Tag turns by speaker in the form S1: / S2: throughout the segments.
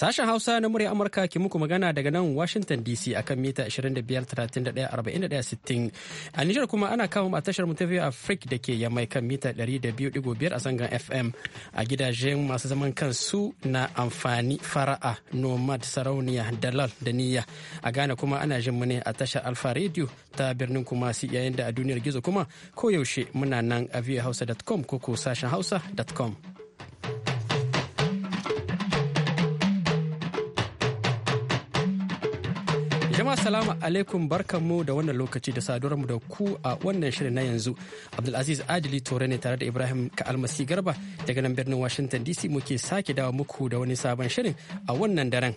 S1: Sashen Hausa na murya Amurka ke muku magana daga nan Washington DC akan mita 25 A Nijar kuma ana kama a tashar mutafi a Afrik da ke yamai kan mita 200.5 a zangon FM a gidajen masu zaman kansu na amfani fara'a Nomad Sarauniya Dalal da Niyya. A Ghana kuma ana jin mu a tashar Alfa Radio ta birnin Kumasi yayin da a duniyar gizo kuma koyaushe muna nan a viewhausa.com ko ko sashen hausa.com. Jama'a salamu alaikum mu da wannan lokaci da saduwar mu da ku a wannan shirin na yanzu. Abdulaziz Adili Tore ne tare da Ibrahim Ka'almasi Garba daga nan birnin Washington DC muke sake dawa muku da wani sabon shirin a wannan daren.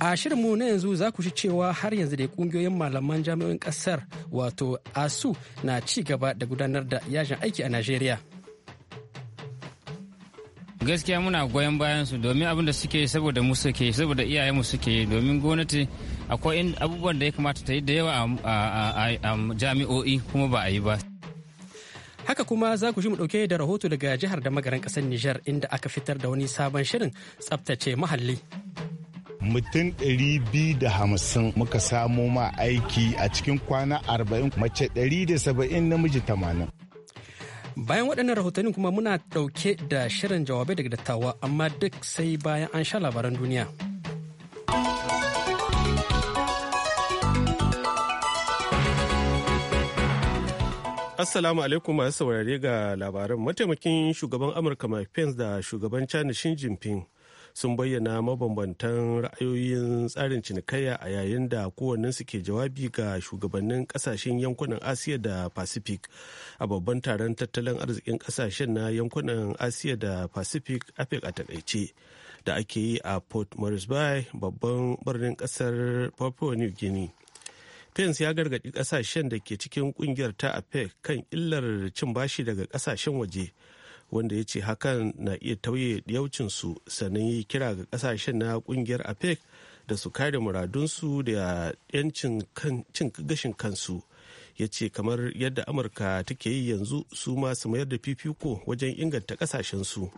S1: a shirin mu na yanzu za ku ci cewa har yanzu da kungiyoyin malaman jami'in kasar wato asu na ci gaba da gudanar da yajin aiki a najeriya gaskiya muna goyon bayan su domin abin da suke saboda mu suke saboda iyayen mu suke domin gwamnati akwai abubuwan da ya kamata ta yi da yawa a jami'o'i kuma ba a yi ba haka kuma za ku ji mu dauke da rahoto daga jihar da magaran kasar Nijar inda aka fitar da wani sabon shirin tsabtace muhalli
S2: mutum 250 muka samo ma aiki a cikin kwana 40 mace 170 namiji 80
S1: Bayan waɗannan rahotanni kuma muna ɗauke da shirin jawabai daga dattawa amma duk sai bayan an sha labaran duniya. Assalamu alaikum masu saurare
S2: ga labaran mataimakin shugaban Amurka Mike Pence da shugaban China Xi Jinping sun bayyana mabambantan ra'ayoyin tsarin cinikayya a yayin da kowannensu ke jawabi ga shugabannin kasashen yankunan asiya da pacific a babban taron tattalin arzikin kasashen na yankunan asiya da pacific apec a takaice da ake yi a port moresby babban birnin kasar papua new guinea pence ya gargaɗi ƙasashen da ke cikin ƙungiyar ta apec kan illar cin bashi daga ƙasashen waje wanda ya ce hakan na iya tauye yaucinsu sannan yi kira ga kasashen na kungiyar apec da su kare muradunsu da 'yancin cin gashin kansu ya ce kamar yadda amurka take yi yanzu su ma su mayar da fifiko wajen inganta kasashensu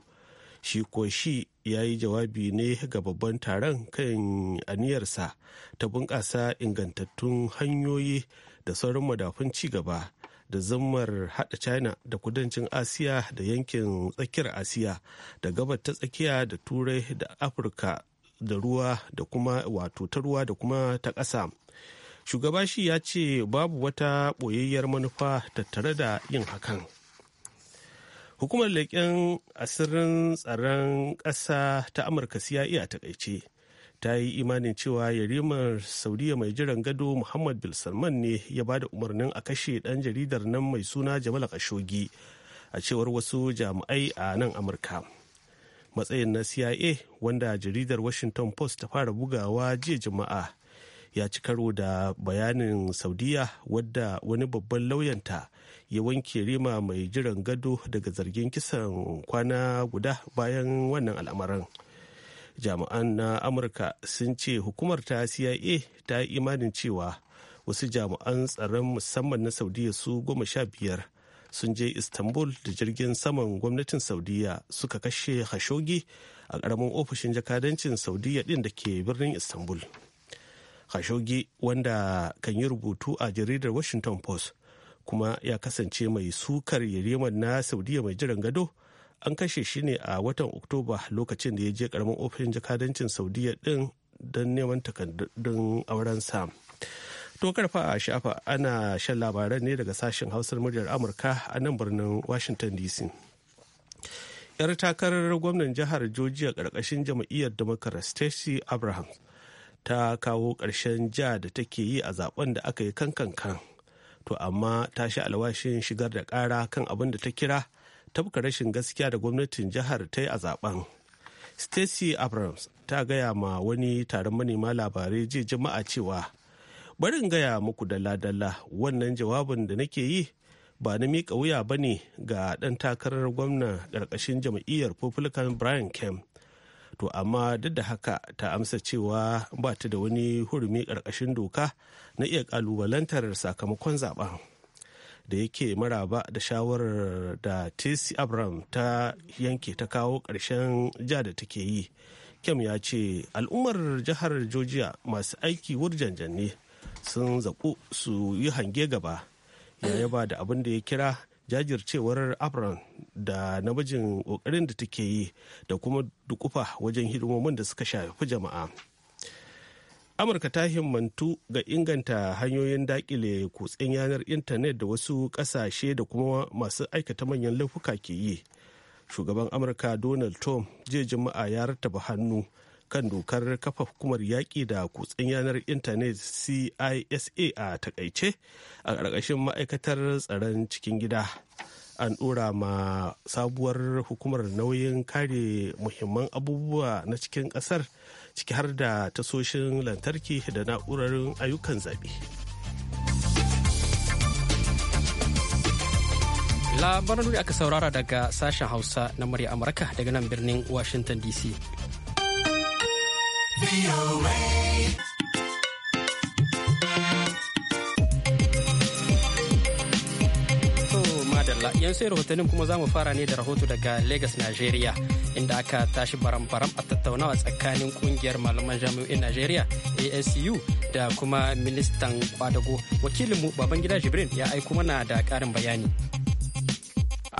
S2: shi ko shi ya yi jawabi ne ga babban taron kan aniyarsa ta bunƙasa ingantattun hanyoyi da sauran madafun ci gaba da zammar hada china da kudancin asiya da yankin tsakiyar asiya da gabar ta tsakiya da turai da afirka da ruwa da kuma wato ta ruwa da kuma ta ƙasa shugaba shi ya ce babu wata ɓoyayyar manufa tattare da yin hakan hukumar leƙen asirin tsaron ƙasa ta amurka cia iya taƙaice. ta yi imanin cewa yarimar saudiya mai jiran gado muhammad bin salman ne ya ba da umarnin a kashe ɗan jaridar nan mai suna jamal kashogi a cewar wasu jami'ai a nan amurka matsayin na cia wanda jaridar washington post ta fara bugawa jiya juma'a ya ci karo da bayanin saudiya wadda wani babban lauyanta ya wanke rima mai jiran gado daga zargin kisan kwana guda bayan wannan al'amarin. jami'an na amurka sun ce hukumar ta cia ta yi imanin cewa wasu jami'an tsaron musamman na saudiya su goma sha biyar sun je istanbul da jirgin saman gwamnatin saudiya suka kashe khashoggi a ƙaramin ofishin jakadancin saudiya ɗin da ke birnin istanbul khashoggi wanda kan yi rubutu a jaridar washington post kuma ya kasance mai sukar yariman na saudiya mai jiran gado an kashe shi ne a watan oktoba lokacin da ya je karamin ofishin jakadancin saudiya din don neman takardun aurensa to karfa a shafa ana shan labaran ne daga sashen hausar muryar amurka a nan birnin washington dc yar takarar gwamnan jihar georgia karkashin jam'iyyar democrat stacy abraham ta kawo ƙarshen ja da take yi a zaben da aka yi kankan kan to amma ta sha alwashin shigar da kara kan abin da ta kira tafka rashin gaskiya da gwamnatin jihar ta yi a zaben stacy abrams ta gaya ma wani taron manema labarai jiya jama'a cewa barin gaya muku dala-dala, wannan jawabin da nake yi ba na miƙa wuya ba ne ga ɗan takarar gwamna ƙarƙashin jam'iyyar republican brian kemp to amma duk da haka ta amsa cewa ba ta da wani hurumi ƙarƙashin doka na iya ƙalubalantar sakamakon zaben. da yake maraba da shawarar da tc abram ta yanke ta kawo ƙarshen ja da take yi kem ya ce al'ummar jihar georgia masu aiki wurjanjan ne sun zaƙu su yi hange gaba ya yaba da abin da ya kira jajircewar abram da namijin ƙoƙarin da take yi da kuma dukufa wajen hidimomin da suka shafi jama'a. amurka ta himmantu ga inganta hanyoyin dakile kutsen yanar intanet da wasu kasashe da kuma masu aikata manyan laifuka ke yi shugaban amurka donald trump jiya juma'a ya rattaba hannu kan dokar kafa hukumar yaƙi da kutsen yanar intanet cisa a takaice a ƙarƙashin ma'aikatar tsaron cikin gida an ɗora ma sabuwar hukumar nauyin kare muhimman abubuwa na cikin ƙasar ciki har da tasoshin lantarki da na'urar ayyukan zaɓe.
S1: labaran da aka saurara daga sashen hausa na murya amurka daga nan birnin washington dc. madalla yan sai rahotannin kuma za mu fara ne da rahoto daga Lagos Nigeria inda aka tashi baram-baram a tattaunawa tsakanin kungiyar malaman jami'o'in Nigeria ASU da kuma ministan kwadago wakilinmu Babangida Jibrin ya aiko mana da ƙarin bayani.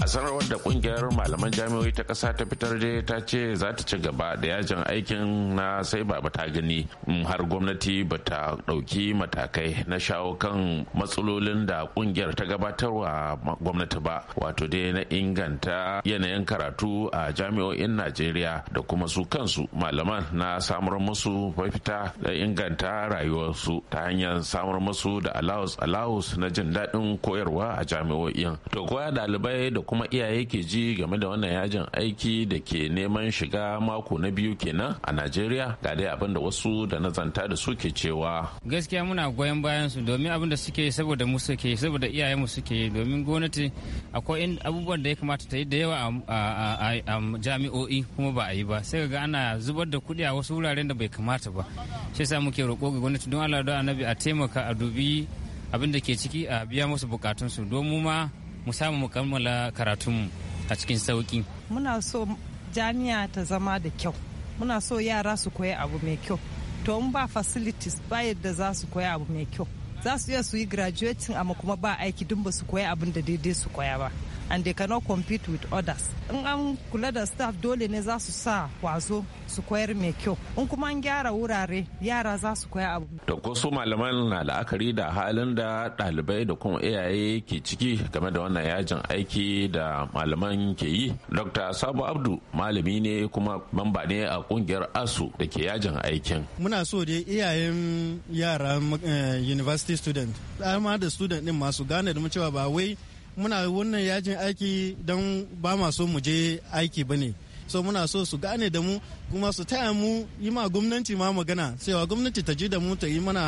S3: a sanarwar da kungiyar malaman jami'oi ta kasa ta fitar da ta ce za ta ci gaba da yajin aikin na sai ba ta gani har gwamnati ba ta ɗauki matakai na shawo kan matsalolin da kungiyar ta gabatarwa gwamnati ba wato dai na inganta yanayin karatu a jami'o'in najeriya da kuma su kansu malaman na samar musu mafita da inganta rayuwarsu ta hanyar samar musu da alawus alawus na jin daɗin koyarwa a jami'o'in to koya ɗalibai da kuma iyaye ke ji game da wannan yajin aiki da ke neman shiga mako na biyu kenan a najeriya ga dai abin da wasu da nazanta da su ke cewa
S1: gaskiya muna goyon bayan su domin abin da suke saboda mu suke saboda iyayen mu suke domin gwamnati akwai abubuwan da ya kamata ta yi da yawa a jami'o'i kuma ba a yi ba sai ga ana zubar da kuɗi a wasu wuraren da bai kamata ba shi yasa muke roƙo ga gwamnati don Allah don annabi a taimaka a dubi abin da ke ciki a biya musu bukatunsu domin ma mu samu mu kammala karatunmu a cikin sauki. Muna so jami'a ta zama da kyau. Muna so yara su koya abu mai kyau. To in ba facilities ba yadda za su koya abu mai kyau. Za su iya su yi graduating amma kuma ba aiki dun ba su koya abin da daidai su koya ba. and they cannot compete with others in an kula da staff dole ne za su sa kwazo su koyar mai kyau in kuma an gyara wurare yara za su koya abu
S3: to ko su malaman na la'akari da halin da ɗalibai da kuma iyaye ke ciki game da wannan yajin aiki da malaman ke yi dr Sabu abdu malami ne kuma mamba ne a kungiyar asu da ke yajin aikin
S1: muna so dai iyayen yara eh, university student dama da student din masu gane da mu cewa ba wai muna wannan yajin aiki don ba ma so mu je aiki ba ne so muna so su gane da mu kuma su taya mu yi ma gwamnati ma magana cewa gwamnati ta ji da mu ta yi mana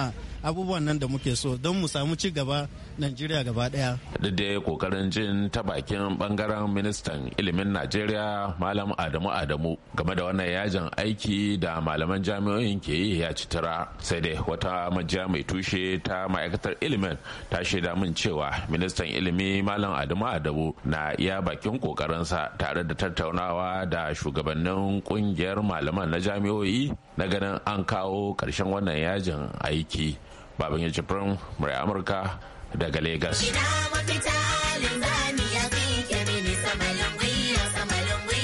S1: abubuwan nan da muke so don mu samu ci gaba najeriya gaba daya
S3: da ya kokarin jin ta bakin bangaren ministan ilimin najeriya malam adamu adamu game da wannan yajin aiki da malaman jami'o'in ke yi ya ci sai dai wata majiya mai tushe ta ma'aikatar ilimin ta shaida min cewa ministan ilimi malam adamu adamu na iya bakin kokarinsa tare da tattaunawa da shugabannin kungiyar malaman na jami'o'i na ganin an kawo ƙarshen wannan yajin aiki baban ya jibrin murai amurka
S1: daga lagos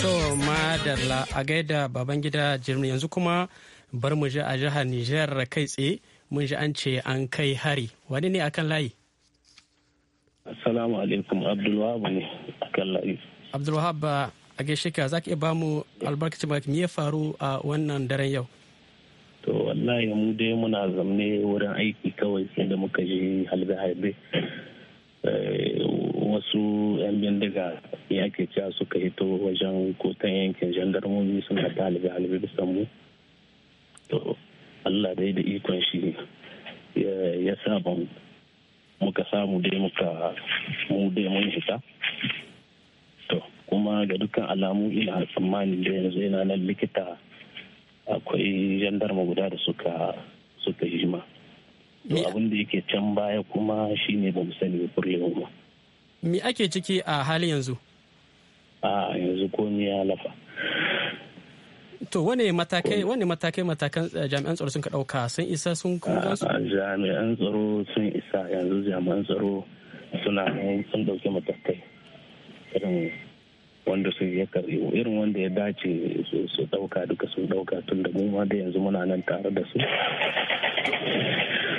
S1: to madalla a gaida baban gida yanzu kuma bar mu ji a jihar niger kai tsaye mun ji an ce an kai hari wani ne akan layi
S4: assalamu alaikum abdulwahab ne akan layi
S1: abdulwahab a gaishe ka za ka iya ba mu albarkacin me ya faru a wannan daren yau
S4: wallahi mu dai muna zamne wurin aiki kawai sai da muka je halbe-halbe eh, wasu 'yan bindiga ya ke cewa suka hito wajen kotan yankin jandarmomi suna ta halbe-halbe bisan mu to allah dai da ikon shi ya saban muka samu dai muka mu dai mun hita to kuma ga dukkan alamu ina tsammanin da yanzu yana nan likita akwai jandarma guda da suka suka yi ma abin da yake can baya kuma shine ba mu sani kurlewa ba
S1: me ake ciki a hali yanzu a yanzu komi ya lafa to wane matakai wane matakai matakan eh, jami'an tsaro sun ka dauka sun isa sun kuma su jami'an tsaro sun
S4: isa yanzu jami'an tsaro suna sun dauke matakai irin wanda ya dace su dauka duka sun dauka tun da mu da yanzu muna nan tare da su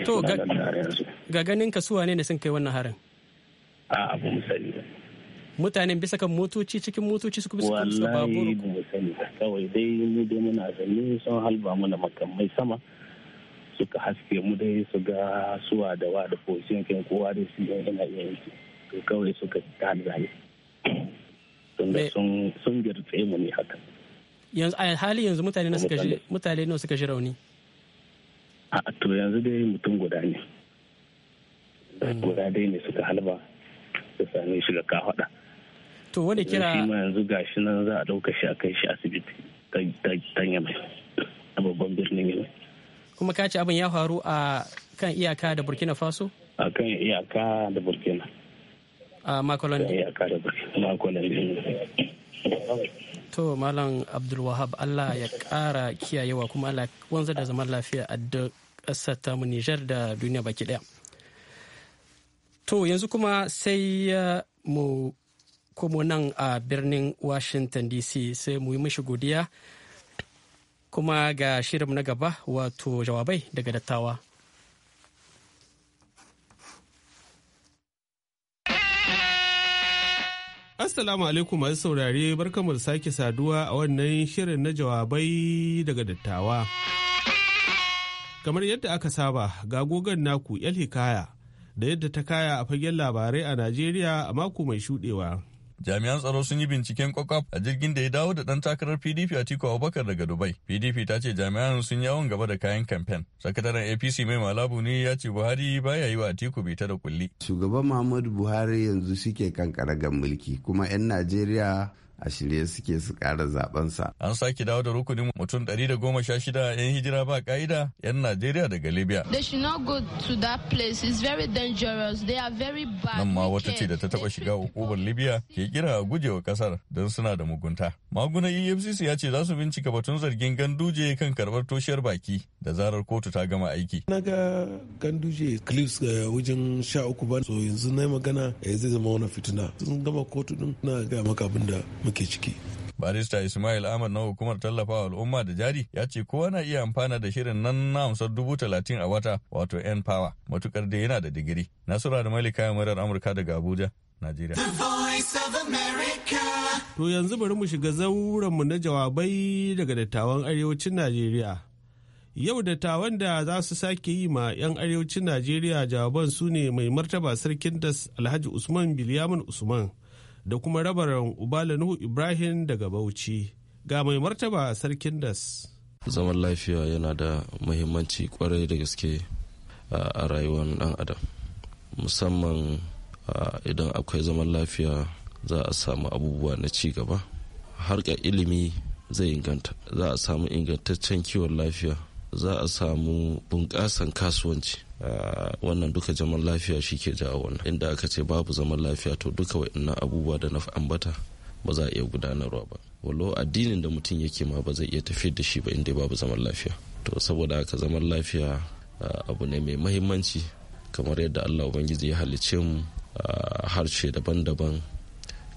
S4: to
S1: ga ganin ka suwa ne sun kai wannan harin
S4: a abu misali
S1: mutanen bisa kan motoci cikin motoci su kuma su baburu wallahi
S4: sani kawai dai mu dai muna zanne sun halba mana makamai sama suka haske mu dai su ga suwa da wa da fosin kin kowa dai su yana iya yanki to kawai suka ta zai tunda sun girtse mu ne haka
S1: yanzu a hali yanzu mutane na suka mutane na suka ji rauni
S4: a to yanzu dai mutum guda ne hmm. guda dai ne suka halba su sami shi ga kafada to wani kira shi ma yanzu gashi nan za a dauka shi a kai shi asibiti ta yamai a babban birnin
S1: yamai kuma ka ce abin ya faru a kan iyaka da burkina faso
S4: a kan iyaka da burkina Ah, makolandi
S1: to malam abdulwahab allah ya kara kiyayewa kuma allah wanzar da zaman lafiya a duk ƙasar tamu nijar da duniya baki daya to yanzu kuma sai eh, mu komo nan a birnin washington dc sai mu yi mishi godiya kuma ga shirin na gaba wato jawabai daga dattawa Assalamu
S2: alaikum masu saurare barkamu da sake saduwa a wannan shirin na jawabai daga dattawa. Kamar yadda aka saba ga gogon naku 'yar hikaya da yadda ta kaya a fagen labarai a Najeriya a mako mai shudewa.
S5: jami'an tsaro sun yi binciken kwakwaf a jirgin da ya dawo da dan takarar pdp a tiko abubakar daga dubai pdp ta ce jami'an sun yi yawon gaba da kayan kamfen sakataren apc mai malabu ne ya ce buhari baya yi wa atiku ta da kulli
S3: shugaban muhammadu buhari yanzu suke kankara ga mulki kuma 'yan najeriya a shirye suke su ƙara zabensa.
S5: An sake dawo da rukunin mutum 116 'yan hijira ba ka'ida 'yan Najeriya daga Libya.
S6: They should not go to that place. very dangerous. They are very
S5: bad. Nan ma wata ce da ta taba shiga hukumar Libya ke kira a gujewa kasar don suna da mugunta. Magunan EFCC ya ce za su bincika batun zargin ganduje kan karbar toshiyar baki da zarar kotu ta gama aiki.
S2: Na ga ganduje clips eh, wajen sha uku ban so yanzu na magana eh, zai zama wani fitina. Sun gama kotu din na ga maka
S7: abin da muke ciki.
S5: Barista Ismail Ahmad na hukumar tallafawa al'umma da jari ya ce kowa na iya amfana da shirin nan na amsar dubu talatin a wata wato N Power matukar da yana da digiri. Nasura da Malika murar Amurka daga Abuja, Najeriya.
S2: To yanzu bari mu shiga zauranmu na jawabai daga dattawan arewacin Najeriya. Yau dattawan da za su sake yi ma 'yan arewacin Najeriya jawaban su ne mai martaba sarkin das Alhaji Usman Bilyamin Usman. da kuma rabaran ubala nuhu ibrahim daga bauchi ga mai martaba sarkin das
S7: zaman lafiya yana da muhimmanci kwarai da gaske a rayuwar dan adam musamman idan akwai zaman lafiya za a samu abubuwa na ci gaba harka ilimi zai inganta za a samu ingantaccen kiwon lafiya za a samu bunƙasan kasuwanci wannan duka zaman lafiya shi ke jawo wannan inda aka ce babu zaman lafiya to duka waɗannan abubuwa da na ambata ba za a iya gudanarwa ba wallo addinin da mutum yake ma ba zai iya tafiyar da shi ba inda babu zaman lafiya to saboda haka zaman lafiya abu ne mai mahimmanci kamar yadda allah ubangiji ya halicce mu harshe daban-daban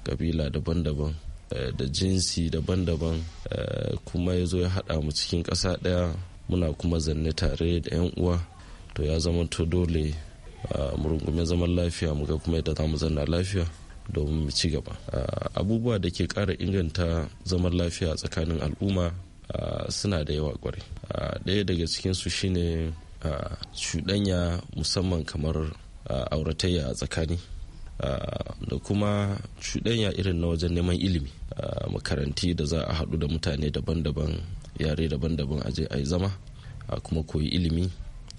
S7: kabila daban-daban eh, da jinsi daban-daban eh, kuma ya zo ya haɗa mu cikin ƙasa ɗaya muna kuma zanne tare da 'yan uwa to ya zama to dole mu murungume zaman lafiya muka kuma yadda za mu zanna lafiya domin mu ci gaba abubuwa da ke kara inganta zaman lafiya tsakanin al'umma suna da yawa kwarai ɗaya daga cikinsu shine cuɗanya musamman kamar auratayya a tsakani da kuma cuɗanya irin na wajen neman ilimi makaranti da za a haɗu da mutane daban-daban yare daban-daban aje a yi zama a kuma koyi ilimi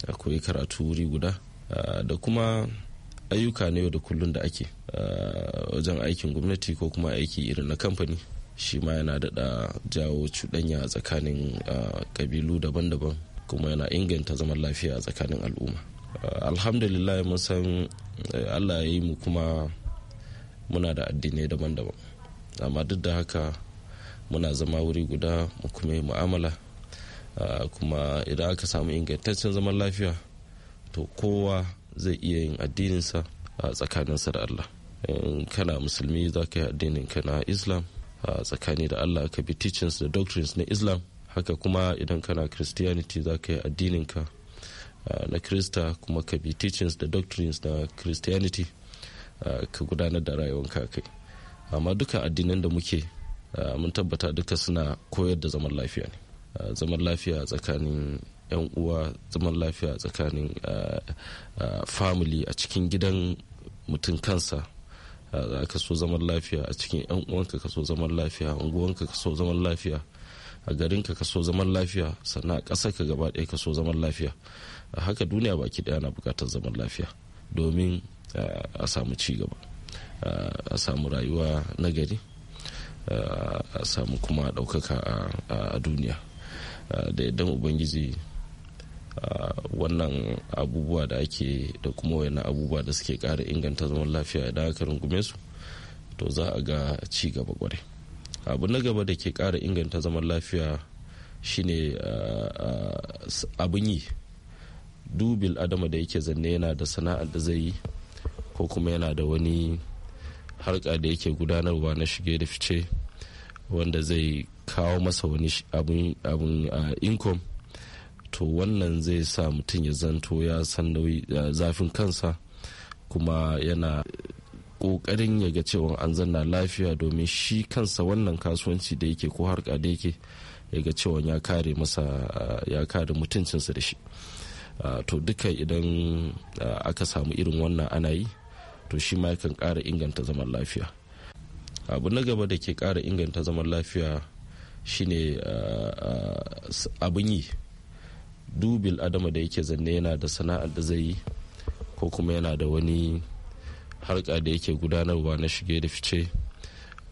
S7: a koyi karatu wuri guda da kuma ayyuka na yau da kullun da ake wajen aikin gwamnati ko kuma aiki irin na kamfani shi ma yana daɗa jawo cuɗanya tsakanin ƙabilu daban-daban kuma yana inganta zaman lafiya a tsakanin al'umma alhamdulillah mun san eh, allah ya yi mu kuma muna da addinai daban-daban amma duk da haka muna zama wuri guda mu kuma yi mu'amala kuma idan aka samu ingantaccen zaman lafiya to kowa zai iya yin addininsa a tsakaninsa da allah in kana musulmi za ka yi addinin ka na islam a tsakani da allah ka bi teachings da doctrines na islam haka kuma idan kana christianity za ka yi addinin ka na krista kuma ka bi teachings da doctrines na christianity ka gudanar da rayuwanka kai amma duka addinan da muke Eh, mun tabbata duka suna koyar da zaman lafiya ne eh, zaman lafiya tsakanin 'yan uwa zaman lafiya tsakanin eh, family a cikin gidan mutum kansa ka so zaman lafiya a cikin 'yan uwanka ka so zaman lafiya unguwanka ka so zaman lafiya a garinka ka so zaman lafiya sannan a ƙasar ka gaba ɗaya ka so zaman lafiya a haka duniya baki ɗaya na buƙatar zaman lafiya domin a samu ci gaba a samu rayuwa na gari a samu kuma ɗaukaka a duniya da yardan ubangiji wannan abubuwa da ake da kuma wani abubuwa da suke kara inganta zaman lafiya idan aka rungume su to za a ga ci gaba kwarai abu na gaba da ke kara inganta zaman lafiya shine abin yi dubil adama da yake zanne yana da sana'ar da zai yi ko kuma yana da wani harka da yake gudanarwa na shige da fice wanda zai kawo masa wani abin income to wannan zai sa mutum ya zanto ya san zafin kansa kuma yana kokarin ya ga cewa an zanna lafiya domin shi kansa wannan kasuwanci da yake ko harka da yake ya ga cewa ya kare masa ya kare mutuncinsa da shi to duka idan aka samu irin wannan ana yi to shi ma yakan ƙara inganta zaman lafiya abu na gaba da ke kara inganta zaman lafiya shine ah, ah, abin yi dubil adama da yake zanne yana da sana'ar da zai yi ko kuma yana da wani harka da yake gudanarwa na shige da fice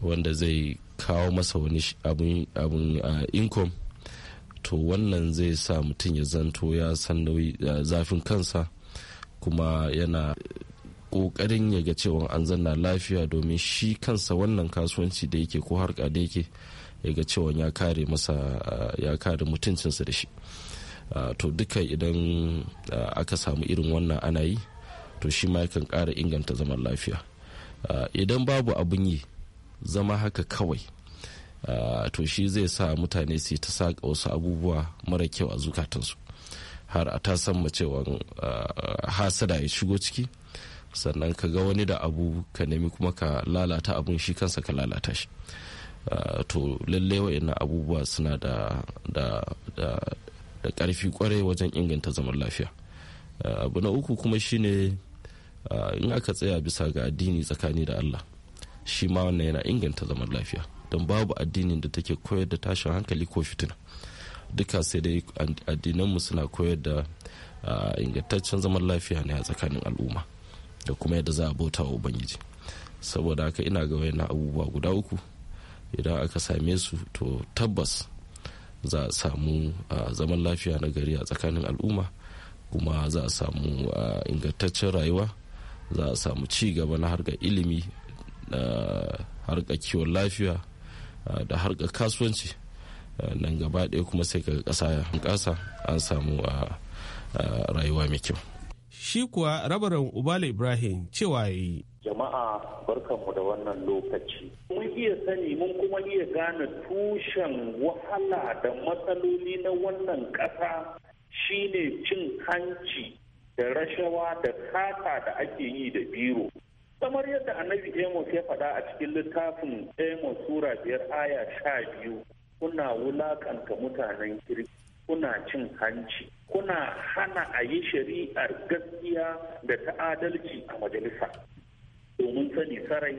S7: wanda zai kawo masa wani abin ah, income to wannan zai sa mutum ya zanto ya san zafin kansa kuma yana kokarin ya ga cewa an zanna lafiya domin shi kansa wannan kasuwanci da yake ko harka da yake ya ga cewa ya kare masa ya kare mutuncinsa da shi to duka idan aka samu irin wannan ana yi to shi ma yakan kara inganta zaman lafiya idan babu abin yi zama haka kawai to shi zai sa mutane su ta saka wasu abubuwa mara kyau a zukatansu har a ta san cewa hasada ya shigo ciki sannan ka ga wani da abu ka nemi kuma ka lalata abun shi kansa ka lalata shi ah, to lallai wa'annan abubuwa suna da karfi kwarai wajen inganta zaman lafiya ah, abu na uku kuma shine ah, in aka tsaya bisa ga addini tsakani da allah shi ma wannan yana inganta zaman lafiya don babu addinin da take koyar da tashin hankali ko fitina duka sai dai addinanmu suna koyar da ingantaccen zaman lafiya ne a tsakanin al'umma da kuma yadda za a bauta wa ubangiji saboda haka ina ga wayan abubuwa guda uku idan aka same su to tabbas za a samu zaman lafiya na gari a tsakanin al'umma kuma za a samu ingantaccen rayuwa za a samu ci gaba na harga ilimi da harga kiwon lafiya da harga kasuwanci nan gaba ɗaya kuma sai kaga ƙasa ya ƙasa an samu rayuwa mai kyau shi kuwa rabaran ubala ibrahim cewa ya yi
S8: jama'a barkanmu da wannan lokaci mun iya sani mun kuma iya gane tushen wahala da matsaloli na wannan ƙasa shine cin hanci da rashawa da kata da ake yi da biro kamar yadda annabi amos ya faɗa a cikin littafin amos sura biyar aya sha biyu kuna wulakanta mutanen kirki kuna cin hanci kuna hana a yi shari'ar gaskiya da ta adalci a majalisa domin sani sarai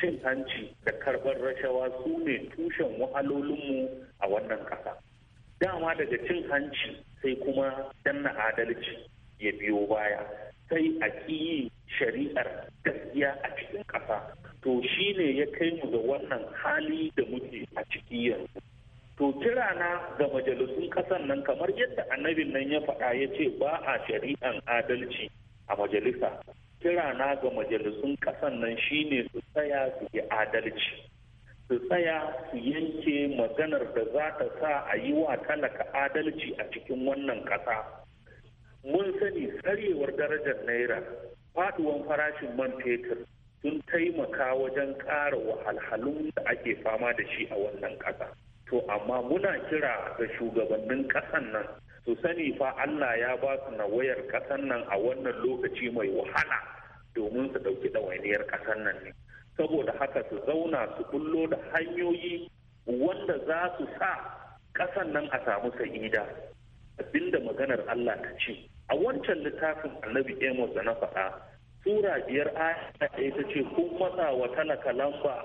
S8: cin hanci da karɓar rashawa su ne tushen wahalolinmu a wannan ƙasa dama daga cin hanci sai kuma danna adalci ya biyo baya sai a yi shari'ar gaskiya a cikin ƙasa to shine ya kai mu ga wannan hali da muke a ciki yanzu to na ga majalisun kasan nan kamar yadda annabin nan ya faɗa ya ce ba a shari'an adalci a majalisa na ga majalisun kasan nan shine su tsaya su yi adalci su tsaya su yanke maganar da za ta sa a yi wa talaka adalci a cikin wannan ƙasa mun sani tsarewar darajar naira faduwan farashin man fetur sun taimaka wajen ƙara wahalhalun da ake fama da shi a wannan ƙasa. to amma muna kira ga shugabannin ƙasan nan su sani fa Allah ya ba su na wayar kasan nan a wannan lokaci mai wahala domin su ɗauki ɗawainiyar kasan nan ne saboda haka su zauna su bullo da hanyoyi wanda za su sa ƙasan nan a samu sa'ida abinda maganar Allah ta ce a wancan littafin annabi Amos da na faɗa sura biyar aya ɗaya ta ce kun matsa wa talaka lamba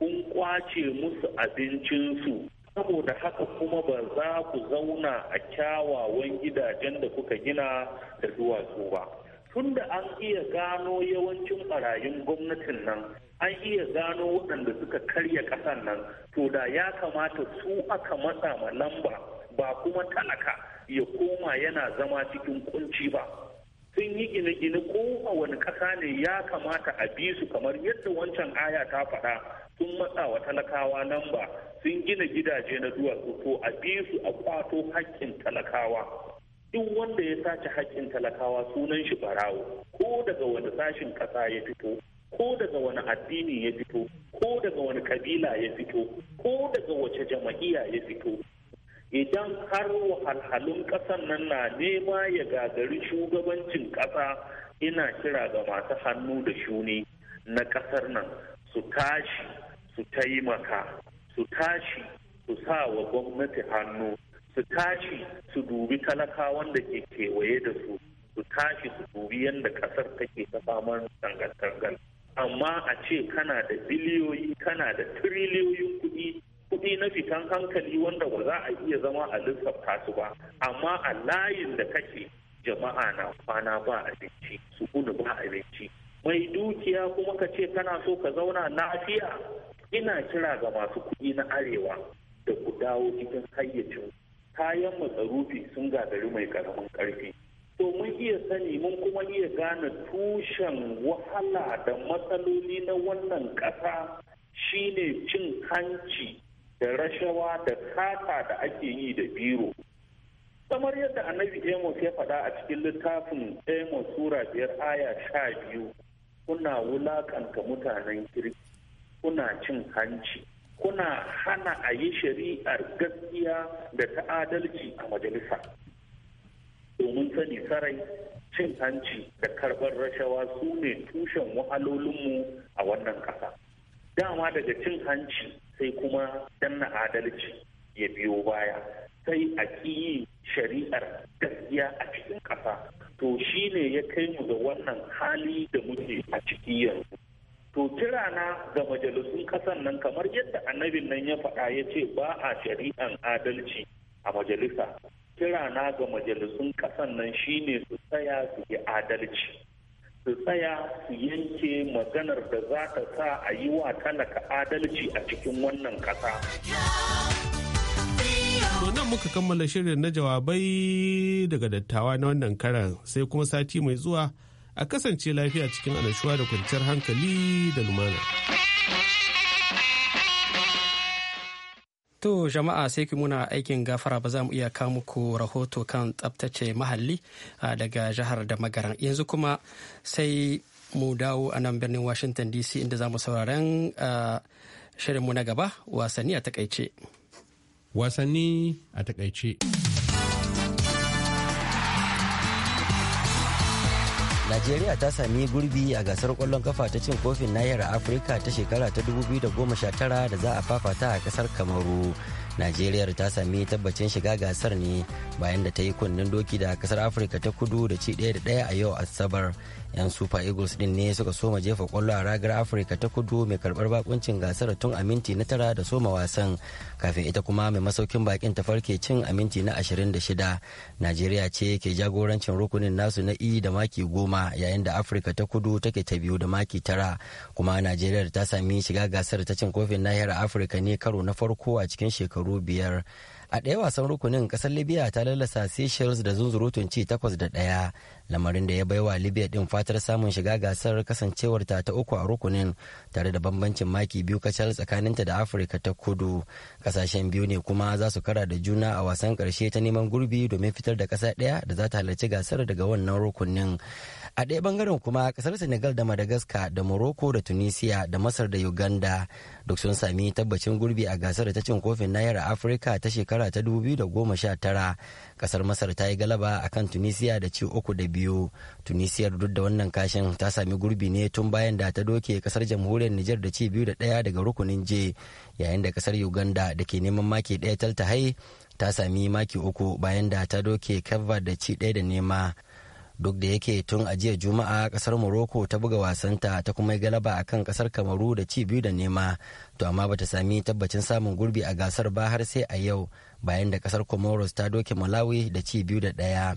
S8: kun kwace musu abincinsu saboda haka kuma ba za ku zauna a kyawawan gidajen da kuka gina da duwatsu ba tunda an iya gano yawancin barayin gwamnatin nan an iya gano waɗanda suka karya ƙasan nan to da ya kamata su aka matsa ma lamba ba kuma talaka ya koma yana zama cikin kunci ba sun yi gine-gine ko a wani ƙasa ne ya kamata a bi su kamar yadda wancan aya ta faɗa sun matsa wa talakawa nan ba sun gina gidaje na duwatsu ko a su a kwato haƙƙin talakawa duk wanda ya sace haƙƙin talakawa sunan shi barawo ko daga wani sashin ƙasa ya fito ko daga wani addini ya fito ko daga wani kabila ya fito ko daga wace jama'iya ya fito idan har wahalhalun ƙasar nan na nema ya gagari shugabancin ƙasa ina kira ga masu hannu da shuni na ƙasar nan su tashi su taimaka su tashi su sa wa gwamnati hannu su tashi su dubi talakawan da ke kewaye da su su tashi su dubi yadda kasar take ta samun tangal amma a ce kana da biliyoyi kana da tiriliyoyin kuɗi kuɗi na fitan hankali wanda ba za a iya zama a lissafta su ba amma a layin da kake jama'a na kwana ba abinci su ba abinci mai dukiya kuma ka ce kana so ka zauna lafiya ina kira ga masu kuɗi na arewa da ku dawo cikin hayyacin kayan matsarufi sun gagari mai karamin karfi to mun iya sani mun kuma iya gane tushen wahala da matsaloli na wannan ƙasa shine cin hanci da rashawa da kata da ake yi da biro kamar yadda annabi amos ya faɗa a cikin littafin amos sura biyar aya sha biyu kuna wulakanta mutanen kirki kuna cin hanci kuna hana a yi shari'ar gaskiya da ta adalci a majalisa domin sani sarai cin hanci da karɓar rashawa su ne tushen wahalolinmu a wannan ƙasa dama daga cin hanci sai kuma danna adalci ya biyo baya sai a yi shari'ar gaskiya a cikin ƙasa to shi ne ya kai mu ga wannan hali da muke a ciki yanzu to kirana ga majalisun kasan nan kamar yadda Annabi nan ya faɗa ya ce ba a shari'an adalci a majalisa kirana ga majalisun kasan nan shine su tsaya su yi adalci su tsaya su yanke maganar da za ta sa a yi wa talaka adalci a cikin wannan kasa.
S2: To nan muka kammala shirin na jawabai daga dattawa na wannan karan sai kuma sati mai zuwa a kasance lafiya
S1: cikin annashuwa da kwanciyar hankali da lumana. To jama'a sai ki muna aikin gafara ba za mu iya kawo muku rahoto kan tsabtace mahalli daga jihar da magaran. Yanzu kuma sai mu dawo a nan birnin Washington DC inda za mu sauraren mu na gaba wasanni a takaice. Wasanni a takaice.
S6: Najeriya ta sami gurbi a gasar kwallon kafa ta cin kofin nahiyar Afirka ta shekara ta 2019 da za a fafata a kasar Kamaru. Najeriya ta sami tabbacin shiga gasar ne bayan da ta yi kunnen doki da kasar Afirka ta kudu da ci ɗaya da ɗaya a yau Asabar. 'Yan Super Eagles din ne suka soma jefa kwallo a ragar Afirka ta kudu mai karbar bakuncin gasar tun a minti na tara da soma wasan kafin ita kuma mai masaukin bakin ta farke cin a minti na ashirin da shida Najeriya ce ke jagorancin rukunin nasu na i e da maki goma yayin da Afirka ta kudu take ta biyu da maki tara kuma Najeriya ta sami shiga gasar ta cin kofin nahiyar Afirka ne karo na farko a cikin shekaru shekaru biyar a ɗaya wasan rukunin ƙasar libya ta lalasa seychelles da zunzurutun ci takwas da ɗaya lamarin da ya baiwa libya ɗin fatar samun shiga gasar kasancewarta ta uku a rukunin tare da bambancin maki biyu kacal tsakaninta da afirka ta kudu ƙasashen biyu ne kuma za su kara da juna a wasan ƙarshe ta neman gurbi domin fitar da ƙasa ɗaya da za ta halarci gasar daga wannan rukunin a ɗaya bangaren kuma kasar senegal da madagascar da morocco da tunisia da masar da uganda duk sun sami tabbacin gurbi a gasar ta cin kofin a afirka ta shekara ta goma 2019 kasar masar ta yi galaba a kan tunisia da ci uku da biyu tunisiyar duk da wannan kashin ta sami gurbi ne tun bayan da ta doke kasar jamhuriyar nijar da ci biyu da ɗaya daga rukunin je yayin da kasar uganda da ke neman maki ɗaya talta hai ta sami maki uku bayan da ta doke kava da ci ɗaya da nema duk da yake tun a jiya juma'a kasar morocco ta buga wasanta ta kuma yi galaba akan kan kasar kamaru da ci biyu da nema to amma bata sami tabbacin samun gurbi a gasar ba har sai a yau bayan da kasar comoros ta doke malawi da ci biyu da daya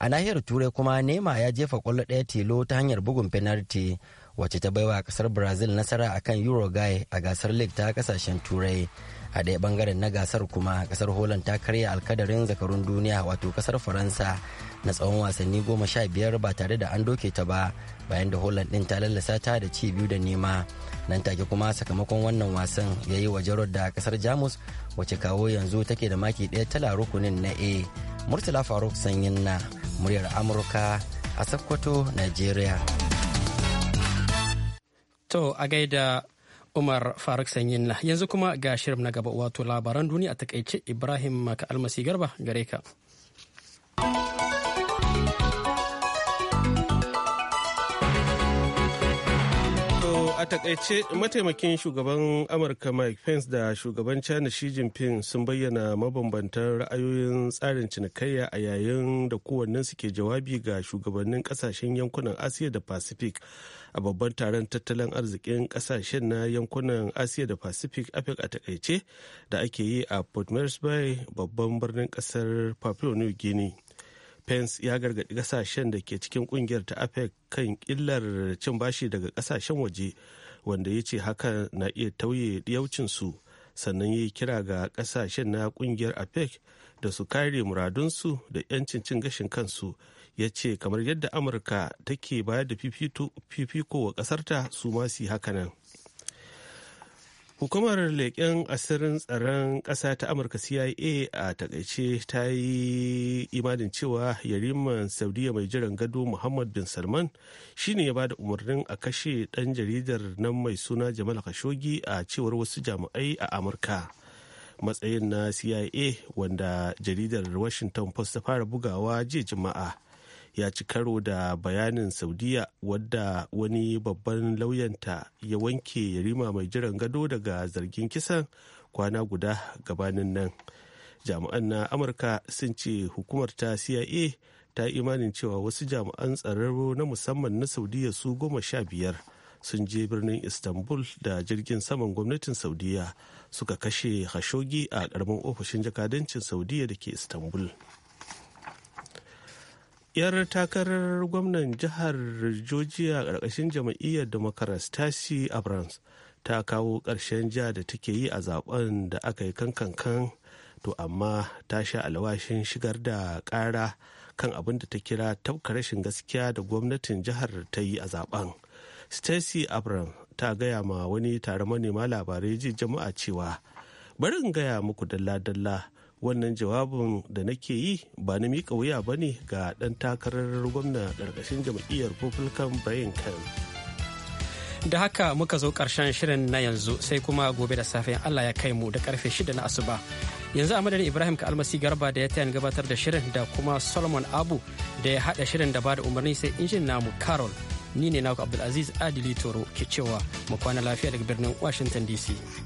S6: a nahiyar turai kuma nema ya jefa kwallo daya tilo ta hanyar bugun penalty wacce ta baiwa kasar brazil nasara akan uruguay a gasar league ta kasashen turai a ɗaya bangaren na gasar kuma kasar holland ta karya alkadarin zakarun duniya wato kasar faransa na tsawon wasanni goma sha biyar ba tare da an doke ta ba bayan da holland din ta lallasa ta da ci biyu da nema nan take kuma sakamakon wannan wasan ya yi wa jarod da kasar jamus wacce kawo yanzu take da maki ɗaya tala rukunin na a murtala faruk sanyin na muryar amurka a sokoto nigeria
S1: to a gaida umar faruk sanyin na yanzu kuma ga shirin na gaba wato labaran duniya a takaice ibrahim maka almasi garba gare ka
S2: a takaice mataimakin shugaban amurka mike pence da shugaban china xi jinping sun bayyana mabambantan ra'ayoyin tsarin cinikayya a yayin da kowannen suke jawabi ga shugabannin kasashen yankunan asiya da pacific a babban taron tattalin arzikin kasashen na yankunan asiya da pacific afirka a takaice da ake yi a port moresby babban birnin kasar papua new guinea pence ya gargaɗi ƙasashen da ke cikin ƙungiyar ta apec kan illar cin bashi daga ƙasashen waje wanda ya ce haka na iya tauye su sannan ya kira ga ƙasashen na ƙungiyar apec da su kare muradunsu da 'yancin cin gashin kansu ya ce kamar yadda amurka take bayar da fifiko wa ƙasarta su ma su yi hakanan. Hukumar leƙen asirin tsaron ƙasa ta Amurka CIA a takaice ta yi imanin cewa yariman Saudiya mai jiran gado Muhammad bin Salman shine ya ba da umarnin a kashe ɗan jaridar nan mai suna Jamal Khashoggi a cewar wasu jami'ai a Amurka. Matsayin na CIA wanda jaridar Washington Post ta fara bugawa jiya Juma'a. ya ci karo da bayanin saudiya wadda wani babban lauyanta ya wanke yarima mai jiran gado daga zargin kisan kwana guda gabanin nan jami'an na amurka sun ce hukumar ta cia ta imanin cewa wasu jami'an tsararro na musamman na saudiya su goma sha biyar sun je birnin istanbul da jirgin saman gwamnatin saudiya suka kashe hashogi a karamin ofishin jakadancin saudiya da ke istanbul 'yar takarar gwamnan jihar georgia ƙarƙashin jam'iyyar democrats tasi abrams ta kawo ƙarshen ja da take yi a zaben da aka yi kankan to amma ta sha alwashin shigar da ƙara kan abin da ta kira tafka rashin gaskiya da gwamnatin jihar ta yi a zaben stacy abram ta gaya ma wani tare manema labarai ji jama'a cewa bari in gaya muku dalla-dalla wannan jawabin da nake yi ba na mika wuya ba ne ga ɗan takarar gwamna ƙarƙashin jam'iyyar republican brian kemp
S1: da haka muka zo ƙarshen shirin na yanzu sai kuma gobe da safe Allah ya kai mu da karfe shida na asuba yanzu a madadin ibrahim almasi garba da ya tayan gabatar da shirin da kuma solomon abu da ya haɗa shirin da ba da umarni sai injin namu carol ni ne naku abdulaziz adili toro ke cewa mu kwana lafiya daga birnin washington dc